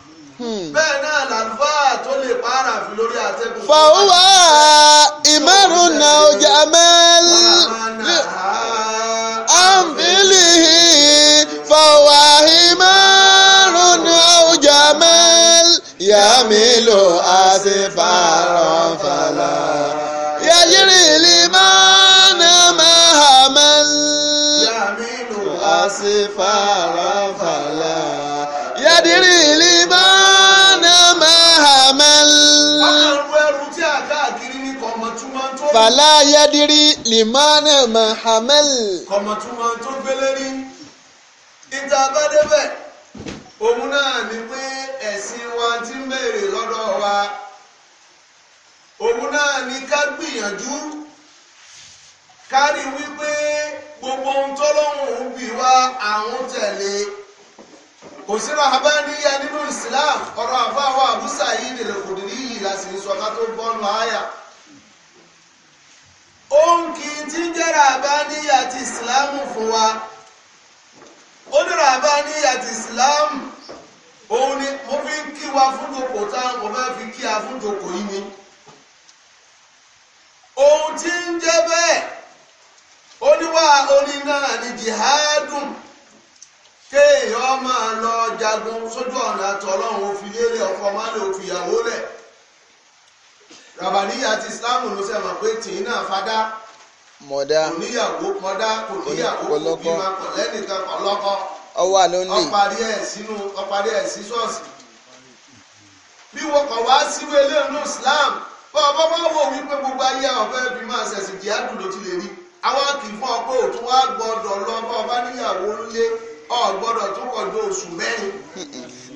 Hmm. bẹ́ẹ̀ náà làlùfáà tó lè pààrà fi lórí àtẹ́gùn. fàwọ́ ìmọ̀rún na ọjà mẹ́lì àǹfìlì fàwọ́ ìmọ̀rún na ọjà mẹ́lì yàmi lò àṣefàrọ̀ fàlà yàjírí lè máa nà fàlà yẹ́dírí limane mahamel. kọ̀mọ̀túmọ̀ tó gbélé rí níta bá débẹ̀ òun náà ni pé ẹ̀sìn wa ti ń béèrè lọ́dọ̀ wa òun náà ni ká gbìyànjú kárí wípé gbogbo ohun tọ́lọ́hún ń bì wá àwọn tẹ̀lé kò sí rahabaniya nínú Islam ọ̀rọ̀ àfáwọ̀ Abu Sa'id al-Khudri yìí la sì ń sọ ká tó bọ́nu àyà. ohun ń kí tí ń ti ìsìláàmù fún wa ó ní ti ìsìláàmù òun ni mo fi ń kí wa fún jòkó táwọn fẹ́ fi kí a fún jòkó yìí ni ohun tí ń jẹ́ bẹ́ẹ̀ ó ní náà ni jihadun kéèyàn máa lọ jagun sójú ọ̀nà àtọ̀lọ́hún òfin lélẹ̀ ọkọ̀ máa lè òfin ìyàwó ràbàníyà àti islam ló ṣe mọ̀ pé tìǹ náà fadá kò níyàwó mọ̀dá kò níyàwó kò bímọ kò lẹ́nìkan kò lọ́kọ ọwọ́ àlóńdè ọparí ẹ̀ sínú ọparí ẹ̀ sí ṣọ́ọ̀ṣì bí wọn kọ̀ wá sírú eléyìí ní islam bọ́ ọmọ bá wò wípé gbogbo ayé ọ̀fẹ́ bí máa ṣẹ̀sìn jihadu ló ti lè rí àwọn kì í fún ọ pé òtún wá gbọ́dọ̀ lọ bá ọba níyàwó nílé ọ gbọ́dọ̀ tún kọ̀ ju oṣù mẹ́rin.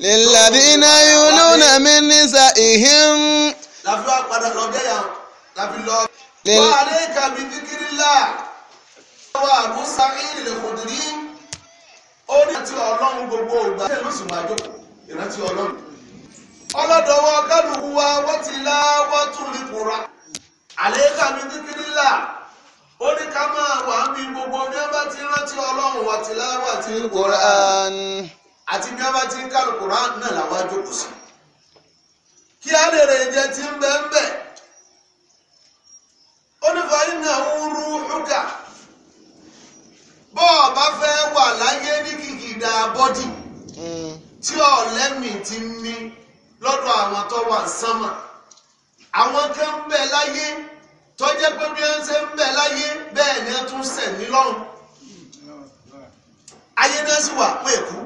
lilladina yuluna min nisa'ihim làfi wá padà lọ bẹ́ẹ̀ yà làfi lọ. wà á lè kíkiri la wà á bú sáyìn lè kò dirí ọlọ́run gbogbo ògbà ṣe ló máa jókòó ìrántí ọlọ́run. ọlọ́dọ̀wọ́ kálukú wa wọ́n ti lá wọ́n tún lè kóra àlẹ́ ka bí kíkiri la ó ní ká máa wà ń bí gbogbo bí wọ́n bá ti rántí ọlọ́run wà ti lá wà ti ń kóra àti bí wọ́n bá ti ń kálukú rán náà làwọn á jókòó sí kí àrèrè jẹ ti ń bẹ ń bẹ ó ní fa iná wúrú ṣúgà bọ́ ọ bá fẹ́ wà láyé ní kìkìdá bọ́dì hmm. tí ọ̀lẹ́mì ti ń ní lọ́dọ̀ àwọn tó wà sánmà àwọn kan ń bẹ láyé tó pé bí wọ́n ṣe ń bẹ láyé bẹ́ẹ̀ ni wọ́n tún sẹ̀ nílọ́run ayé náà sì wà pé èkú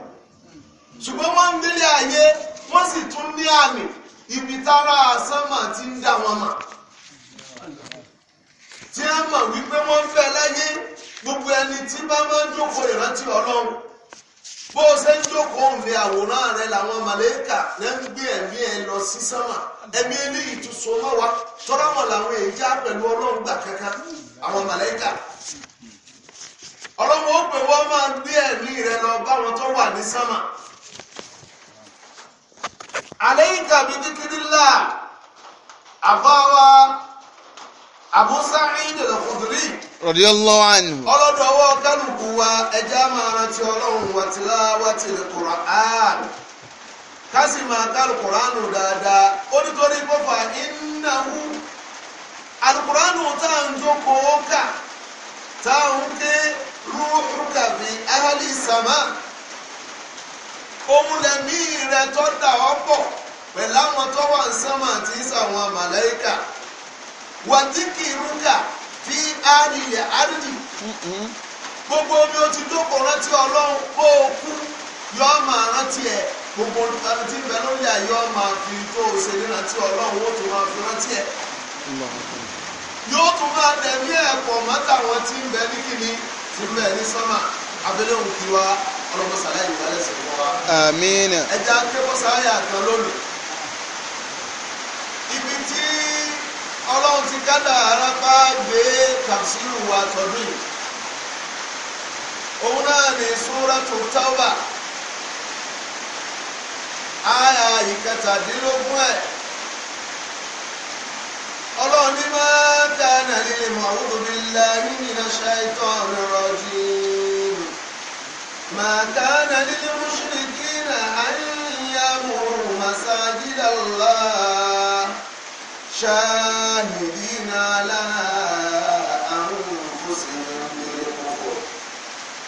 ṣùgbọ́n wọ́n ń délé ayé wọ́n sì tún ní àmì. ibi tára ti ń dà wọn mà tí a mọ̀ wípé wọ́n fẹ́ láyé gbogbo ẹni tí bá máa ń jókòó ìrántí ọlọ́run bó o ṣe ń jókòó òǹdè àwòrán rẹ làwọn màlẹ́kà lẹ́ ń gbé ẹ̀mí ẹ lọ sí sánmà ẹ̀mí eléyìí tún so mọ́ wa tọ́lá wọn làwọn èyí já pẹ̀lú ọlọ́run gbà kankan àwọn màlẹ́kà ọlọ́run ó pè wọ́n máa ń gbé ẹ̀mí rẹ lọ báwọn tó wà ní alayka bi dhikrillah àfọwọ́ Abu Sa'id al-Khudri. radiyallahu anhu. ọlọ́dọ̀ ọwọ́ kálukú wa ẹja máa rántí ọlọ́run wa tilawatil Qur'an kásì máa ká alukùránù dáadáa ó nítorí pọ́fà ìnáwó alukùránù tá à òun rẹ̀ tó dà ọ́ pọ̀ pẹ̀lú àwọn tó wà ń sánmà àti ìsàwọn màláìkà wàdíkì irúkà fi àríyà àríyì gbogbo omi ó ti dóko rántí ọlọ́run bó o kú yọ máa rántí ẹ̀ gbogbo olùkàdé tí ìbẹ̀ lórí àyè ọmọ àfi tó o ṣe nírántí ọlọ́run ó tún máa fi rántí ẹ̀ yóò tún máa dẹ̀mí ẹ̀ pọ̀ mọ́tà tí ń bẹ ní kíni tí ń bẹ ní sánmà abẹ́lẹ́ òkú wa ọlọ́mọ sàlẹ̀ yìí wọlé sí fún wa. àmín. ẹja kébọ́ sáyà kan lónìí. ibi tí ọlọ́run ti kádà arápá gbé tàbísírù wa tọdún yìí. òun náà ní súratu Tawba. àyà ìkẹtàdínlógún ẹ̀. ọlọ́run ní máa dáná nílé mọ̀ a'udhu billahi minash shaitonir rajim. ما كان للمشركين أن يعمروا مساجد الله شاهدين على أنفسهم بالكفر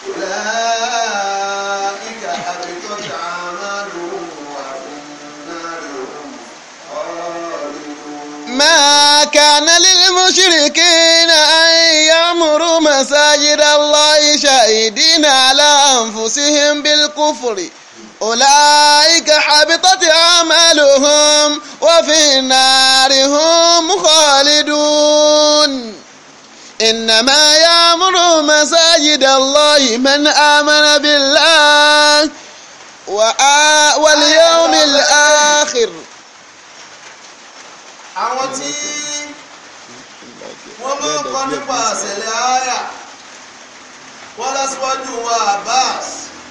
أولئك حبطت أعمالهم وفي النار ما كان للمشركين أن يعمروا مساجد الله أيدينا على أنفسهم بالكفر أولئك حبطت أعمالهم وفي النار هم خالدون إنما يأمر مساجد الله من آمن بالله واليوم الآخر àwọn tí wọ́n máa ń kọ́ nípa àṣẹlẹ̀ ààyà wọ́n lásìwájú wa Abbas.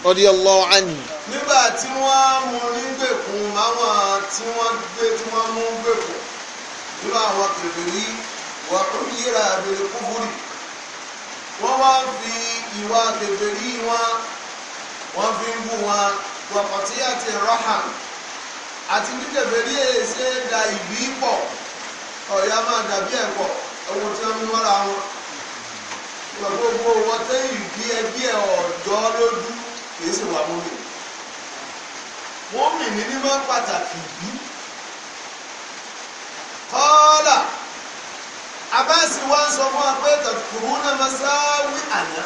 radiyallahu anhu. nígbà tí wọ́n mú ní gbèkùn máwọn tí wọ́n gbé tí wọ́n mú gbèkùn nínú àwọn kìrìkìrì wà tó yíra àbẹ̀rẹ̀ kúfúrì wọ́n wá fi ìwà kèfèrí wọn wọ́n fi ń bú wọn wọ̀pọ̀tí àti raham àti bí kèfèrí èyí da ìbí pọ̀ ọ̀yà máa dàbí ẹ̀pọ̀ ẹ̀wọ̀n tí wọ́n mú mọ́ra wọn gbogbo wọn tẹ́yìn bí ẹbí ẹ ọ̀dọ́ lójú kìí sì wà mọ́mì mọ́mì ní mímọ́ pàtàkì bí kọ́ọ́là abáàsì wa ń sọ fún wa pé tàkùrú náà máa sáwí àná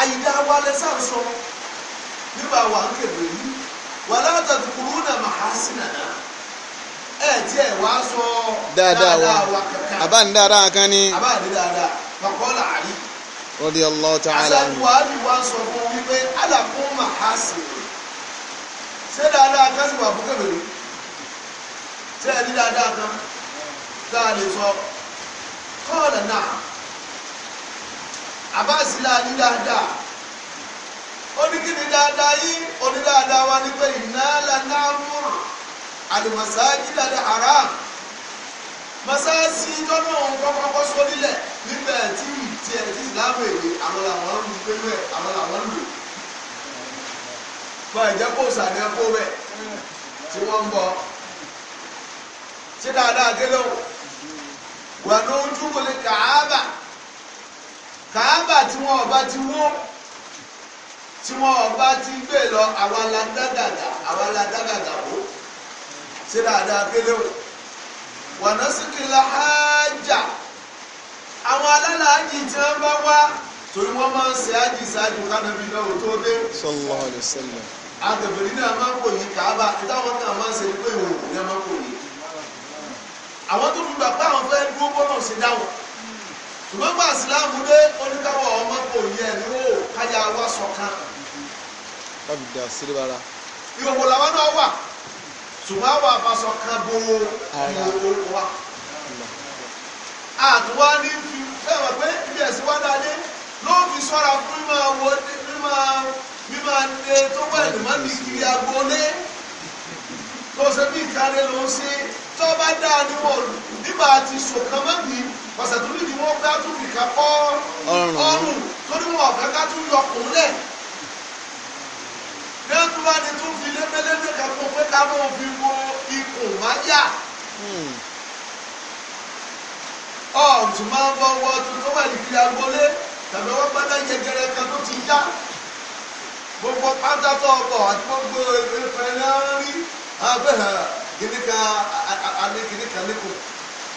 àyídá wa lẹ́sà ń sọ nígbà wà ń kèrè yìí wà látàkùrú náà máa sí nàná ẹ̀ tí ẹ̀ wá sọ dáadáa wa àbá ń dáadáa kan ni àbá dáadáa fàkọ́lá àrí. rọ́dí ọlọ́ tá a lọ. aṣáájú wa ni wàá sọ fún un wípé alàkó mà á sì rè ṣé dáadáa kan sì wà fún kébèrè ṣé ẹni dáadáa kan tá a lè sọ kọ́ọ̀lá náà àbáṣílá ní dáadáa ó ní kí ni dáadáa yìí ó ní pé ìnáàlá náà mú àdìmọ̀sáájú dáadáa haram mọ́sáàsì tọ́nà òun kọ́kọ́kọ́ sórílẹ̀ níbẹ̀ tí tí ẹ̀ tí ìsìláàmù èdè àwọn làwọn ń gbé bẹ́ẹ̀ àwọn làwọn ń lò. pọ̀ ẹ̀jẹ̀ kò sàdé kó bẹ̀ tí wọ́n ń bọ̀ ṣé dáadáa délé o wà ló ń dúró lé kàábà kàábà tí wọn ọba ti wó tí wọn ọba ti gbé lọ àwa la dágàdà àwa la dágàdà wó ṣé dáadáa délé o wọ̀nàsíkìlá hájà àwọn alálàájì tí wọ́n bá wá torí wọ́n máa ń ṣe ájì ṣáájú kánàbí náà tó dé. sallallahu alaihi wasallam. àgbẹ̀bẹ̀rẹ̀ náà máa ń pò yí kàába táwọn náà máa ń ṣe pé ìwò òkú náà máa ń yí. àwọn tó fi gbà pé àwọn fẹ́ dúró bọ́lọ̀ sí dáwọ̀. ṣùgbọ́n gbà síláàmù dé oníkàwọ̀ ọmọ pò yí ẹ̀ ní wò káyà sọ̀kan. kábìdà ṣùgbọ́n àwọn àfàsọ kan bo ìhòòhò wa àtúwá ní fi fẹ́ràn pé ibi wá dáadé ló fi sọ́ra fún mímọ wo mímọ mímọ ilé tó wà ìdìmọ́ ní kiri agboolé tó ṣe bí ìkárẹ́ ló ń ṣe tó bá dáa ní wọ́n nígbà tí sòkan mọ́ mi pàṣẹ tó ní ìdíwọ́ bá tún kọ́ ọrùn tó wọn ọ̀gá ká tún yọkùn olúwarí tún fi lébélébé kan fún pé ká mọ̀ fi wo ikùn máyà ọ̀tù máa ń bọ̀ wọ ọtún tó wà níbi agbolé tàbí wọ́n gbọ́dọ̀ jẹjẹrẹ kan tó ti yá gbogbo pátákó ọkọ̀ àti gbogbo ìpẹ̀lẹ́ rí abẹ́hẹ̀ kìnnìkan alẹ́ kìnnìkan lẹ́kọ̀ọ́.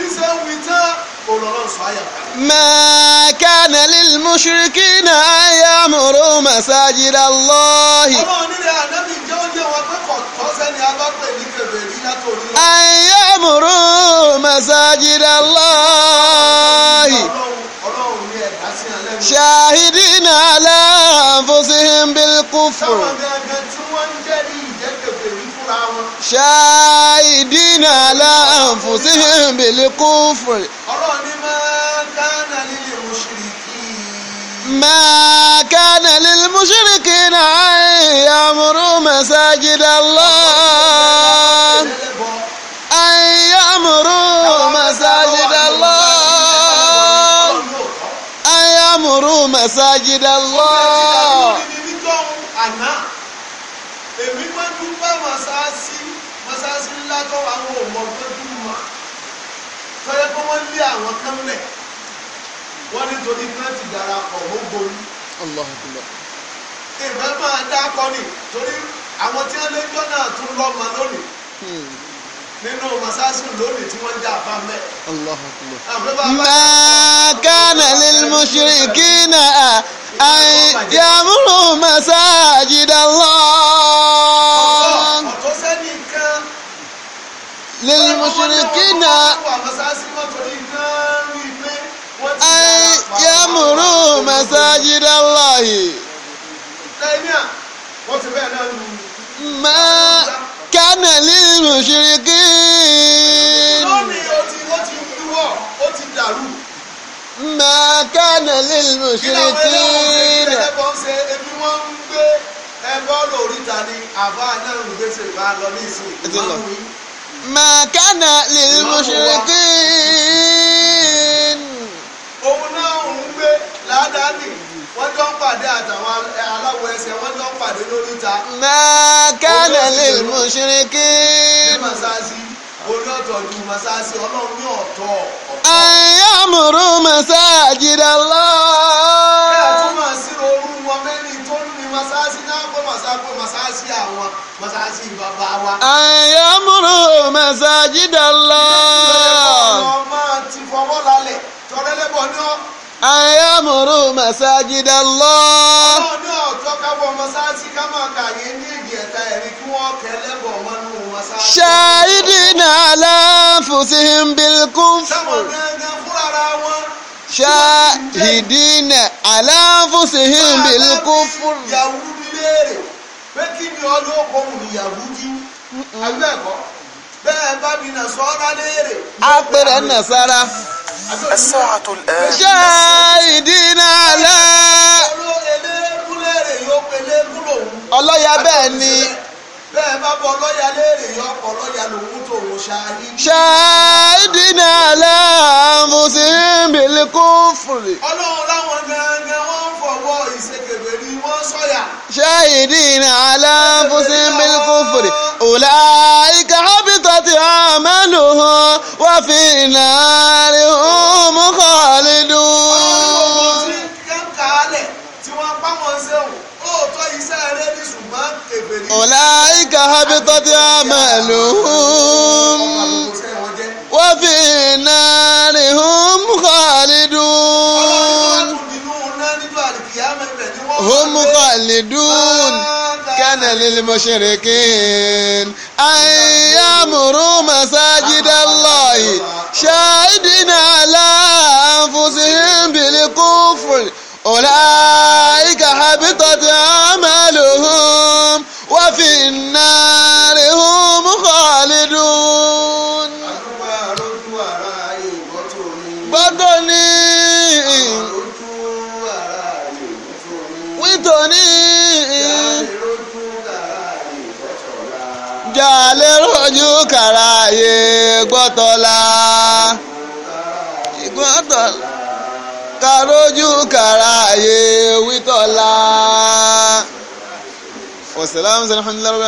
níṣẹ́ ń wí tán olùrànlọ́run sọ àyà. ma kana lil mushrikina ayamuru masajida Allah. ọlọ́run nílẹ̀ ànábì jẹ́ oúnjẹ wọn pé kọ̀ọ̀tọ́ sẹ́ni abápẹ́ ní kẹfẹ́rí látòrí lọ. ayamuru masajida Allah. ọlọ́run ní ẹ̀dá sí alẹ́ mi. shahidina ala anfusihim bil kufr. sáwọn gangan tí ṣáàìdínà aláàfùsíhìn bèlè kófòrè. ọlọ́run ní máa kánà lílì mùṣírìkì. máa kánà lílì mùṣírìkì náà àyàmúrú màsájídà Allah. àyàmúrú màsájídà Allah. àyàmúrú màsájídà Allah. èmi máa dúpẹ́ màsáàsì mọ́ṣáláṣí ńlá tó àwọn òmò lójú mọ́ tọ́lẹ́ pé wọ́n lé àwọn kan lẹ̀ wọ́n nítorí pé ti darapọ̀ ó borí. ìfẹ́ máa dákọ́ ni torí àwọn tí wọ́n lé jọ́nà tún lọ́mọ lónìí hmm. nínú masáàsì lónìí tí wọ́n já bá mẹ́. ma kana lil mushrikina an yamuru masajidallah lẹ́yìn mùsùlùkínà yàmùrù masajida Allahi. máa kánà lil mushrikin. lónìí kánà lil mushrikin. kí làwọn ẹlẹ́wọ̀n ni àbá náà ń gbèsè bá lọ ní ìsìn ìwọ́n ń ما كان للمشركين òun náà òun gbé ládàáni wọ́n jọ ń pàdé àtàwọn aláwọ̀ ẹsẹ̀ wọ́n jọ ń pàdé lórí ìta. ما كان للمشركين. ní masasi orí ọ̀tọ̀ọ̀dù masasi ọlọ́run ní ọ̀tọ̀. أن يعمروا مساجد الله. mọ́sáàsì bàbá wa. àyàmúrò màsàjídàlá. ọmọ ti fọwọ́ lálẹ̀ tọ́lẹ́lẹ́bọ̀ ni ọ́. àyàmúrò màsàjídàlá. ọlọ́run náà tọ́ka bọ̀ mọ́sáàsì ká máa kà yé ní èdè ẹ̀ta ẹ̀rí kí wọ́n kẹ́lẹ́bọ̀ mọ́nú pé kí ni ọlọ́kọ̀ òun ìyàwó jí agbẹ́kọ̀ bẹ́ẹ̀ bá mi nà sọ́ra léèrè. a pèrè nàṣàrà. ṣé ìdínà alẹ́. ọlọ́yà bẹ́ẹ̀ ni. bẹ́ẹ̀ bá bọ ọlọ́yà léèrè yọ ọ̀pọ̀ ọlọ́yà lòun tó wò ṣáájú. ṣé ìdínà alẹ́ àmùsí bìlì kúfùrì. ọlọ́run láwọn gan-an ṣáhìdínà aláǹfọ̀sìn bílkúfùrì ọ̀là ìka hábítọ̀ ti àmàlù hàn wá fi ìnáàrí hàn mú kọ́ọ̀lẹ́dù. ọ̀là ìka hábítọ̀ ti àmàlù hàn. وفي النار هم خالدون هم خالدون كان للمشركين أن يعمروا مساجد الله شاهدين على أنفسهم بالكفر أولئك حبطت أعمالهم وفي النار ọjà lérò ojú kàrà ayé gbọ́tọ̀lá gbọ́tọ̀lá kàrójú kàrà ayé wítọ̀lá. wasalaamu alaykum.